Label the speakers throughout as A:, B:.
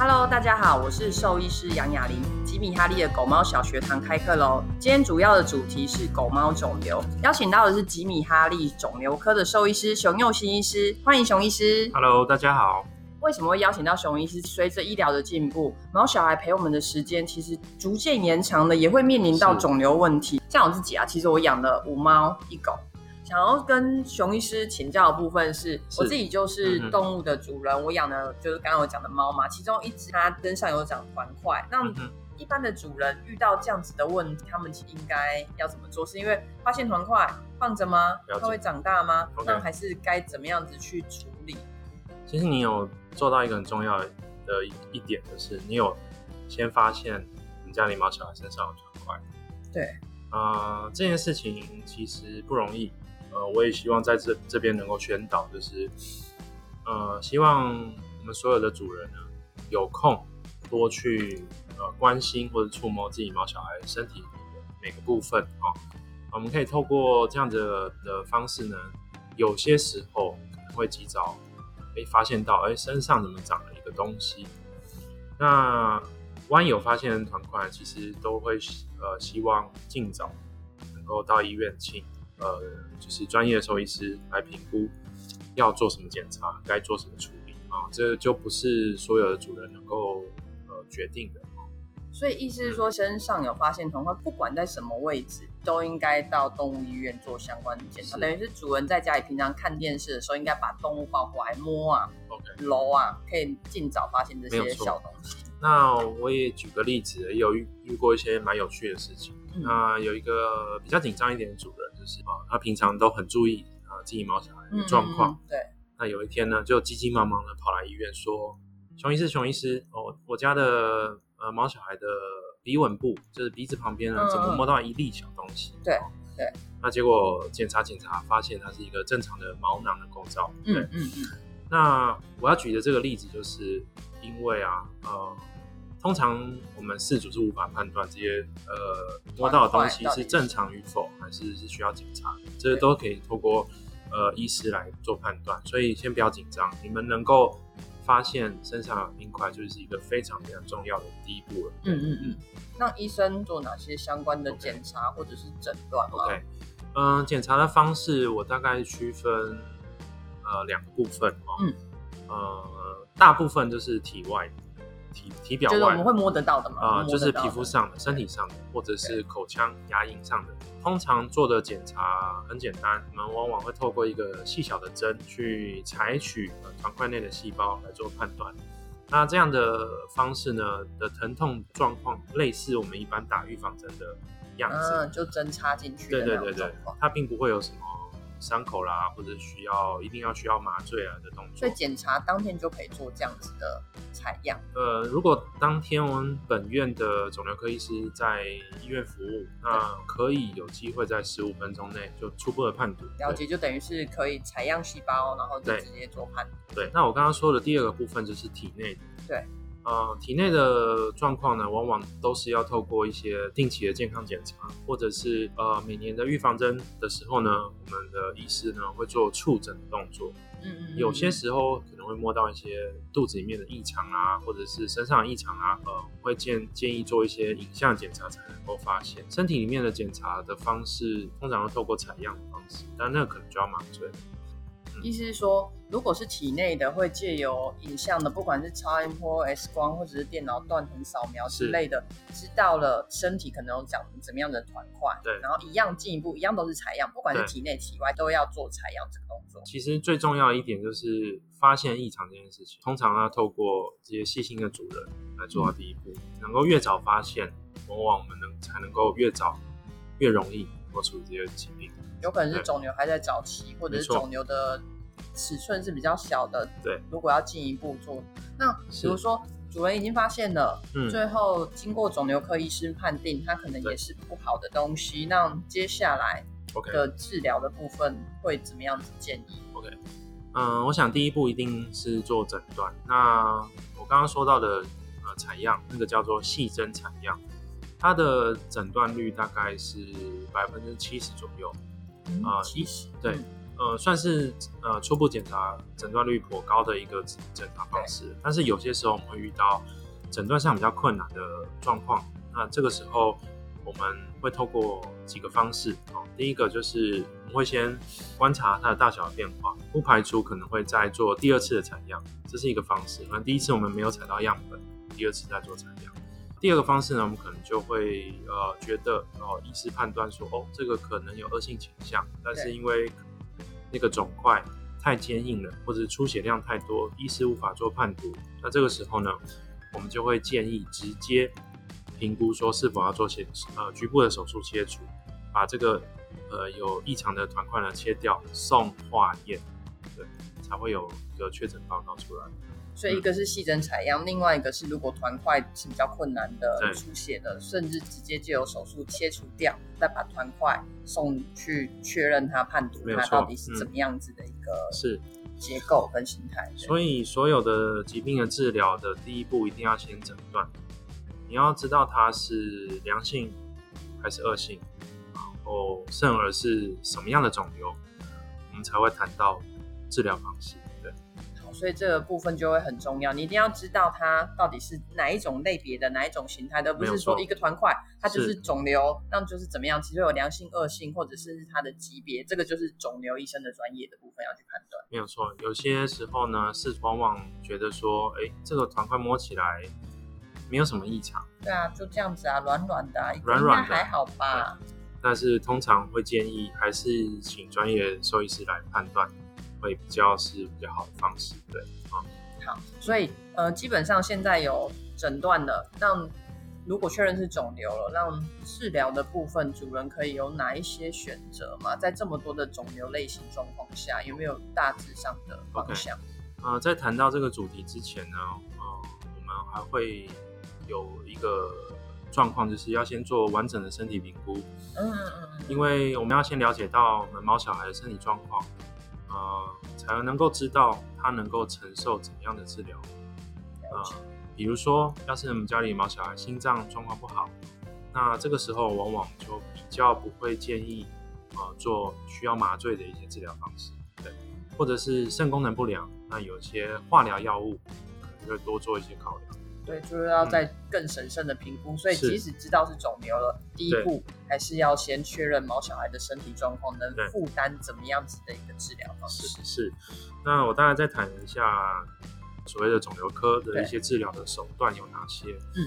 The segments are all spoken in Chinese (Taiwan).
A: Hello，大家好，我是獸醫師楊雅鈴，吉米哈利的狗貓小學堂開課嘍。今天主要的主題是狗貓腫瘤，邀請到的是吉米哈利腫瘤科的獸醫師熊祐興醫師，歡迎熊醫師。
B: Hello，大家好。
A: 為什麼會邀請到熊醫師？隨着醫療的進步，毛小孩陪我們的時間其實逐漸延長了，也會面臨到腫瘤問題。是像我自己啊，其實我養了五貓一狗。想要跟熊醫師請教的部分是，是我自己就是動物的主人，嗯、哼我養的就是剛剛我講的貓嘛，其中一隻它身上有長團塊。那一般的主人遇到這樣子的問題，他們應該要怎麼做是？是因為發現團塊放着嗎？它會長大嗎？Okay. 那還是該怎麼樣子去處理？
B: 其實你有做到一個很重要的一點，就是你有先發現你家的貓小孩身上有團塊。對，啊、呃，這件事情其實不容易。呃，我也希望在這這邊能夠宣導，就是，呃，希望我們所有的主人呢、啊，有空多去呃關心或者觸摸自己毛小孩身體裡的每個部分啊、哦呃。我們可以透過這樣子的，的方式呢，有些時候可能會及早可以發現到，哎、呃，身上怎麼長了一個東西。那萬一有發現的團塊，其實都會呃希望儘早能夠到醫院去。呃，就是專業的獸醫師來評估要做什麼檢查，該做什麼處理啊，這就不是所有的主人能夠呃決定的。
A: 所以意思是說，身上有發現腫塊，嗯、不管在什麼位置，都應該到動物醫院做相關的檢查。是等於是主人在家裡平常看電視的時候，應該把動物抱過來摸啊、摟 Okay 啊，可以儘早發現這些小東西。
B: 那我也舉個例子，也有遇遇過一些蠻有趣的事情。嗯、那有一個比較緊張一點的主人。是啊、哦，他平常都很注意啊，經營毛小孩的狀況、嗯嗯嗯。對，那有一天呢，就急急忙忙的跑來醫院說：“熊醫師，熊醫師，我、哦、我家的呃毛小孩的鼻吻部，就是鼻子旁邊呢，嗯嗯怎麼摸到一粒小東西？”對、嗯
A: 嗯哦、對，對，
B: 那結果檢查檢查，發現它是一個正常的毛囊的構造。對。
A: 嗯
B: 嗯，嗯，那我要舉的這個例子，就是因為啊，呃。通常我們飼主是無法判斷這些呃摸壞到的東西是正常與否，是還是是需要檢查的，對這些都可以透過呃醫師來做判斷。所以先不要緊張，你們能夠發現身上有冰塊，就是一個非常非常重要的第一步
A: 了。嗯嗯嗯。嗯那醫生做哪些相關的檢查或者是診斷？OK。嗯、
B: 呃，檢查的方式我大概區分呃兩個部分哦。嗯。呃，大部分就是體外。體體表外，就是我們
A: 會摸得到的嗎？啊、呃，摸得 就是皮膚
B: 上的、的身體上的，或者是口腔、牙齦上的。對通常做的檢查很簡單，我們往往會透過一個細小的針去採取、呃、團塊內的細胞來做判斷。那這樣的方式呢的疼痛狀況，類似我們一般打預防針的樣子，啊、
A: 就針插進去，對對對對，
B: 它並不會有什麼。傷口啦，或者需要一定要需要麻醉啊的東西。所以
A: 檢查當天就可以做這樣子的採樣。
B: 呃，如果當天我們本院的腫瘤科醫師在醫院服務，那可以有機會在十五分鐘內就初步的判讀。了解。
A: 對對就等於是可以採樣細胞，然後就直接做判讀。
B: 對，對，那我剛剛說的第二個部分就是體內。對。呃，體內的狀況呢，往往都是要透過一些定期的健康檢查，或者是呃每年的預防針的時候呢，我們的醫師呢會做觸診的動作。嗯,嗯,嗯，有些時候可能會摸到一些肚子裡面的異常啊，或者是身上的異常啊，呃，會建建議做一些影像檢查才能夠發現。身體裡面的檢查的方式，通常要透過採樣的方式，但那可能就要麻醉。
A: 意思是說，如果是體內的，會借由影像的，不管是超音波、X 光或者是電腦斷層掃描之類的，知道是了身體可能有長成怎麼樣的團塊，對，然後一樣進一步，一樣都是採樣，不管是體內體外，對都要做採樣這個動作。其
B: 實最重要的一點就是發現異常這件事情，通常要透過這些細心的主人來做到第一步，嗯、能夠越早發現，往往我們能才能夠越早越容易處理這些
A: 疾病。有可能是腫瘤還在早期，對或者是腫瘤的。尺寸是比較小的，對。如果要進一步做，那比如說是主人已經發現了，嗯，最後經過腫瘤科醫師判定，它可能也是不好的東西。那對接下來的治療的部分會怎麼樣子建議？OK，嗯、okay.
B: 呃，我想第一步一定是做診斷。那我剛剛說到的呃採樣，那個叫做細針採樣，它的診斷率大概是百分之七十左右，啊，七十對。呃，算是呃初步檢查診斷率頗高的一個檢查方式，對但是有些時候我們會遇到診斷上比較困難的狀況，那這個時候我們會透過幾個方式哦，第一個就是我們會先觀察它的大小的變化，不排除可能會再做第二次的採樣，這是一個方式。那第一次我們沒有採到樣本，第二次再做採樣。第二個方式呢，我們可能就會呃覺得哦，醫師判斷說哦，這個可能有惡性傾向，但是因為。那個腫塊太堅硬了，或者出血量太多，醫師無法做判讀。那這個時候呢，我們就會建議直接評估說是否要做切，呃，局部的手術切除，把這個呃有異常的團塊呢切掉，送化驗，對，才會有一個確診報告出來。
A: 所以一個是細針採樣，嗯、另外一個是如果團塊是比較困難的對出血的，甚至直接就有手術切除掉，再把團塊送去確認它判讀，它到底是怎麼樣子的一個是結構跟形態，嗯。
B: 所以所有的疾病的治療的第一步一定要先診斷，你要知道它是良性還是惡性，然後甚而是什麼樣的腫瘤，我們才會談到治療方式。
A: 所以這個部分就會很重要，你一定要知道它到底是哪一種類別的哪一種形態的，不是說一個團塊它就是腫瘤，那是就是怎麼樣？其實有良性、惡性，或者是它的級別，這個就是腫瘤醫生的專業的部分要去判斷。
B: 沒有錯，有些時候呢是往往覺得說，哎、欸，這個團塊摸起來沒有什麼異常。
A: 對啊，就這樣子啊，軟軟的、啊，軟軟的還好吧軟
B: 軟。但是通常會建議還是請專業獸醫師來判斷。會比較是比較好的方式，
A: 對，嗯，好，所以呃，基本上現在有診斷了，讓如果確認是腫瘤了，讓治療的部分主人可以有哪一些選擇嗎？在這麼多的腫瘤類型狀況下，有沒有大致上的方向？okay.
B: 呃，在談到這個主題之前呢，呃，我們還會有一個狀況，就是要先做完整的身體評估，嗯嗯嗯，因為我們要先了解到我們毛小孩的身體狀況。呃，才能夠知道他能夠承受怎麼樣的治療，啊、呃，比如說，要是我們家裡毛小孩心臟狀況不好，那這個時候往往就比較不會建議，啊、呃、做需要麻醉的一些治療方式，對，或者是腎功能不良，那有些化療藥物可能會多做一些考量。
A: 對，就是要再更審慎的評估。嗯、所以即使知道是腫瘤了，是第一步還是要先確認毛小孩的身體狀況能負擔怎麼樣子的一個治療方式。是
B: 是。那我大概再談一下所謂的腫瘤科的一些治療的手段有哪些？嗯對，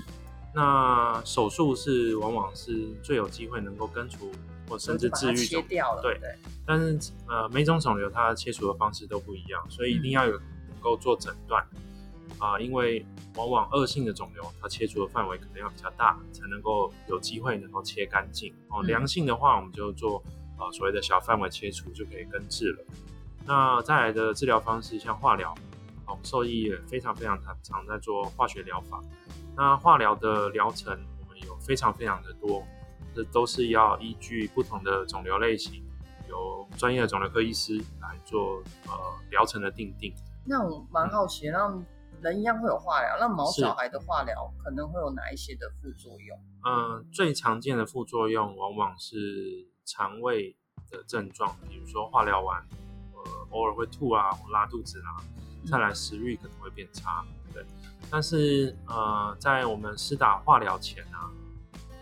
B: 那手術是往往是最有機會能夠根除或甚至治癒腫瘤。切掉了對，對但是呃，每種腫瘤它切除的方式都不一樣，所以一定要有、嗯、能夠做診斷。啊、呃，因為往往惡性的腫瘤，它切除的範圍可能要比較大，才能夠有機會能夠切乾淨哦。嗯、良性的話，我們就做啊、呃、所謂的小範圍切除就可以根治了。那再來的治療方式像化療，我、哦、們獸醫也非常非常常，常在做化學療法。那化療的療程，我們有非常非常的多，這都是要依據不同的腫瘤類型，由專業的腫瘤科醫師來做呃療程的定定。
A: 那我蠻好奇，那、嗯人一樣會有化療，那毛小孩的化療可能會有哪一些的副作用？
B: 嗯，呃，最常見的副作用往往是腸胃的症狀，比如說化療完，呃，偶爾會吐啊，拉肚子啊，
A: 再來食
B: 慾可能會變差，嗯，對。但是呃，在我們施打化療前啊，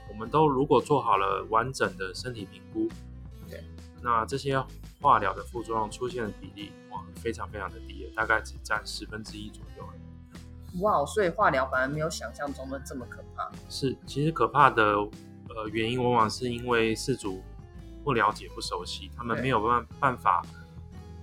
B: 我們都如果做好了完整的身體評估，對，那這些化療的副作用出現的比例，哇，非常非常的低，大概只佔十分之一左右。
A: 哇，wow, 所以化療反而沒有想象中的這麼可怕？
B: 是，其實可怕的，呃，原因往往是因為飼主不了解、不熟悉，Okay. 他們沒有辦辦法，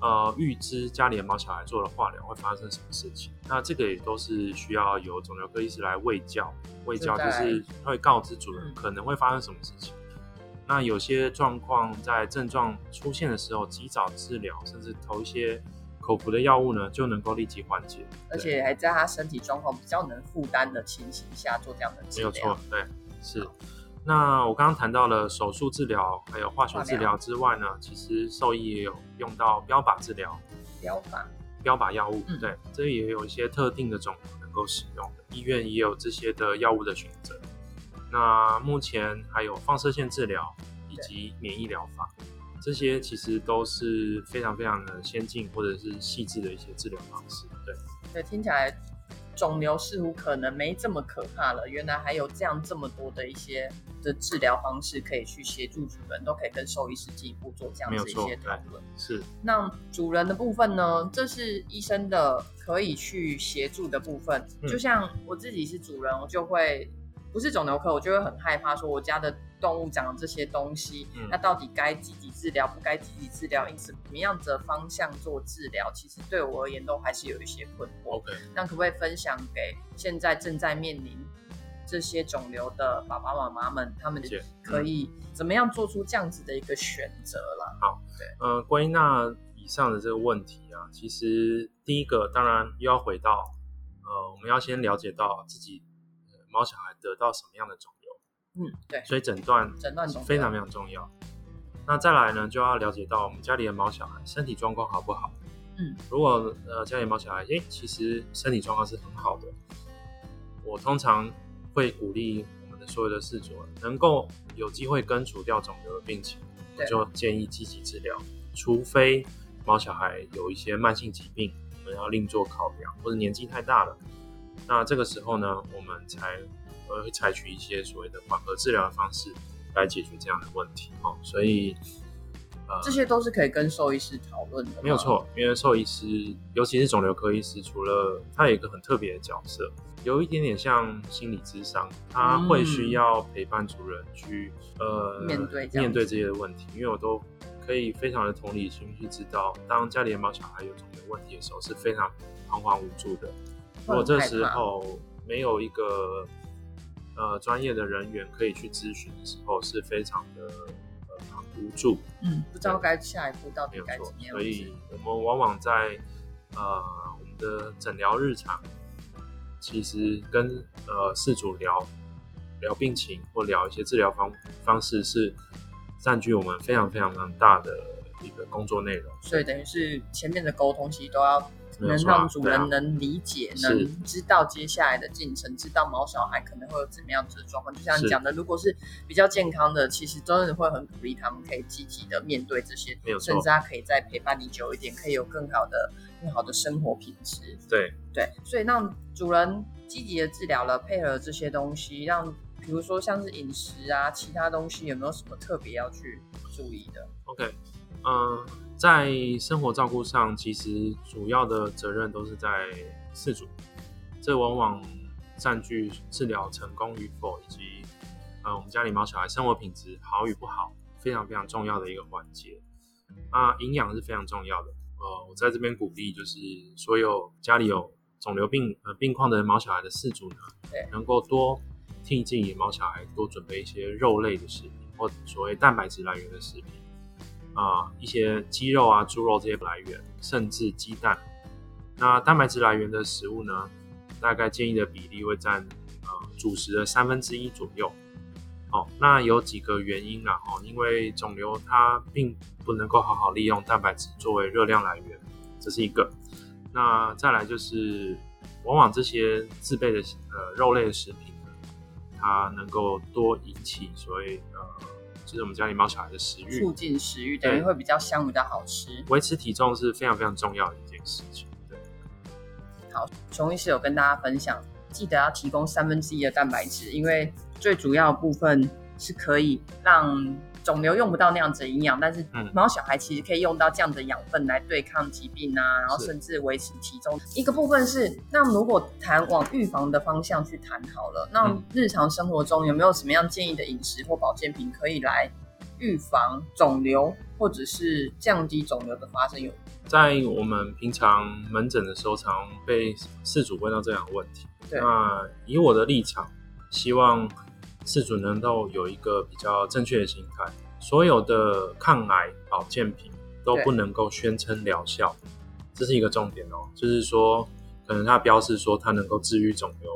B: 呃，預知家裡的毛小孩做了化療會發生什麼事情。那這個也都是需要由腫瘤科醫師來衛教，衛教就是會告知主人可能會發生什麼事情。嗯、那有些狀況在症狀出現的時候及早治療，甚至投一些。口服的藥物呢，就能夠立即緩解，
A: 而且還在他身體狀況比較能負擔的情形下做這樣的治療。沒有錯，
B: 對，好是。那我剛剛談到了手術治療，還有化學治療之外呢，療其實獸醫也有用到標靶治療，
A: 療法，
B: 標靶藥物，對，嗯、這也有一些特定的腫瘤能夠使用的，醫院也有這些的藥物的選擇。那目前還有放射線治療以及免疫療法。這些其實都是非常非常的先進或者是細緻的一些治療方式，
A: 對。對，聽起來腫瘤似乎可能沒這麼可怕了。原來還有這樣這麼多的一些的治療方式可以去協助主人，都可以跟獸醫師進一步做這樣子一些討論。是。那主人的部分呢？這是醫生的可以去協助的部分。嗯，就像我自己是主人，我就會不是腫瘤科，我就會很害怕說我家的。動物長的這些東西，嗯、那到底該積極治療，不該積極治療？因此，怎麼樣子的方向做治療，其實對我而言都還是有一些困惑。Okay。那可不可以分享給現在正在面臨這些腫瘤的爸爸媽媽們，他們可以怎麼樣做出這樣子的一個選擇了？
B: 好，對，嗯，歸納對、呃、以上的這個問題啊，其實第一個當然又要回到，呃，我們要先了解到自己、呃、貓小孩得到什麼樣的腫。嗯，對，所以診斷診斷是非常非常重要。嗯、那再來呢，就要了解到我們家裡的毛小孩身體狀況好不好？嗯，如果呃家裡毛小孩，誒，其實身體狀況是很好的，我通常會鼓勵我們的所有的飼主能夠有機會根除掉腫瘤的病情，對我就建議積極治療。除非毛小孩有一些慢性疾病，我們要另做考量，或者年紀太大了，那這個時候呢，我們才。我會採取一些所謂的緩和治療的方式來解決這樣的問題哦、喔，所以呃，這些
A: 都是可以跟獸醫師討論的。沒有錯，
B: 因為獸醫師，尤其是腫瘤科醫師，除了他有一個很特別的角色，有一點點像心理諮商，他會需要陪伴主人去、嗯、呃面對面對這些的問題。因為我都可以非常的同理心去知道，當家裡毛小孩有腫瘤問題的時候，是非常彷徨無助的。如果這時候沒有一個呃，專業的人員可以去諮詢的時候，是非常的呃無助，嗯，不知道
A: 該下一步到底該怎麼樣。嗯、所以，
B: 我們往往在呃我們的診療日常，其實跟呃飼主聊聊病情或聊一些治療方方式，是佔據我們非常非常大的一個工作內容。
A: 所以，等於是前面的溝通其實都要。能讓主人能理解，啊啊、能知道接下來的進程，是知道毛小孩可能會有怎麼樣子的狀況。就像你講的，是如果是比較健康的，其實真的會很鼓勵他們可以積極的面對這些，甚至他可以再陪伴你久一點，可以有更好的、更好的生活品質。對對，所以讓主人積極的治療了，配合這些東西，讓比如說像是飲食啊，其他東西有沒有什麼特別要去注意的
B: ？OK。嗯、呃，在生活照顧上，其實主要的責任都是在飼主，這往往佔據治療成功與否以及、呃、我們家裡毛小孩生活品質好與不好非常非常重要的一個環節。啊、呃，營養是非常重要的。呃，我在這邊鼓勵，就是所有家裡有腫瘤病呃病況的毛小孩的飼主呢，能夠多貼近野毛小孩，多準備一些肉類的食品或者所謂蛋白質來源的食品。啊、呃，一些雞肉啊、豬肉這些來源，甚至雞蛋。那蛋白質來源的食物呢，大概建議的比例會占呃主食的三分之一左右。哦，那有幾個原因啊，哦，因為腫瘤它並不能夠好好利用蛋白質作為熱量來源，這是一個。那再來就是，往往這些自備的呃肉類的食品呢，它能夠多引起，所以呃。就是我們家裡貓小孩的食慾，促進食慾，等於會
A: 比較香，比較好吃。維
B: 持體重是非常非常重要的一件事情。對，
A: 好，熊醫師有跟大家分享，記得要提供三分之一的蛋白質，因為最主要的部分是可以讓。嗯腫瘤用不到那樣子的營養，但是毛、嗯、小孩其實可以用到這樣的養分來對抗疾病啊，然後甚至維持體重。是一個部分是，那如果談往預防的方向去談好了，那日常生活中有沒有什麼樣建議的飲食或保健品可以來預防腫瘤或者是降低腫瘤的發生有？有
B: 在我們平常門診的時候，常被飼主問到這樣的問題。對那以我的立場，希望。飼主能夠有一個比較正確的心態。所有的抗癌保健品都不能夠宣稱療效，對這是一個重點哦、喔。就是說，可能它標示說它能夠治癒腫瘤，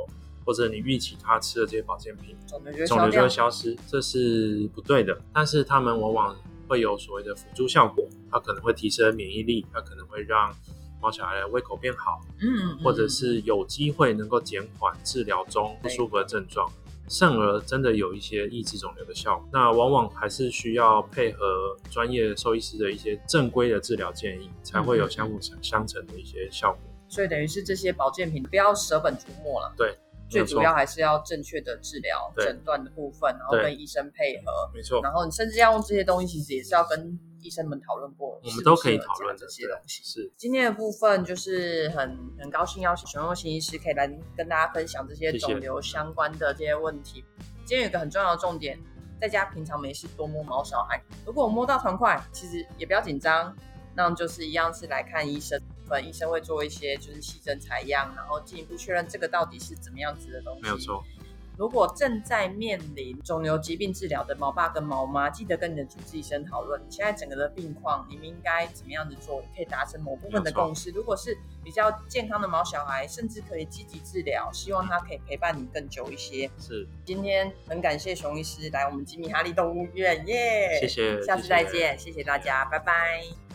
B: 或者你預期它吃的這些保健品，
A: 腫瘤，瘤，瘤就會消
B: 失，這是不對的。但是他們往往會有所謂的輔助效果，它可能會提升免疫力，它可能會讓毛小孩的胃口變好，嗯，嗯，或者是有機會能夠減緩治療中不舒服的症狀。甚而真的有一些抑制腫瘤的效果，那往往還是需要配合專業獸醫師的一些正規的治療建議，才會有相輔相成的一些效果。
A: 嗯，所以等於是這些保健品不要舍本逐末了。
B: 對。最主要還
A: 是要正確的治療、診斷的部分，對然後跟醫生配合。沒錯。然後你甚至要用這些東西，其實也是要跟醫生們討論過。我們都可以討論這些東西。是。今天的部分就是很很高興邀請熊佑新醫師可以來跟大家分享這些腫瘤相關的這些問題。謝謝。今天有一個很重要的重點，在家平常沒事多摸毛小孩，如果我摸到團塊，其實也不要緊張，那就是一樣是來看醫生。本醫生會做一些就是細針採樣，然後進一步確認這個到底是怎麼樣子的東西。沒有
B: 錯。
A: 如果正在面臨腫瘤疾病治療的毛爸跟毛媽，記得跟你的主治醫生討論現在整個的病況，你們應該怎麼樣子做，可以達成某部分的共識。如果是比較健康的毛小孩，甚至可以積極治療，希望他可以陪伴你更久一些。是。今天很感謝熊醫師來我們吉米哈利動物院耶，yeah! 謝謝。下次再見，謝謝，謝謝大家，謝謝，拜拜。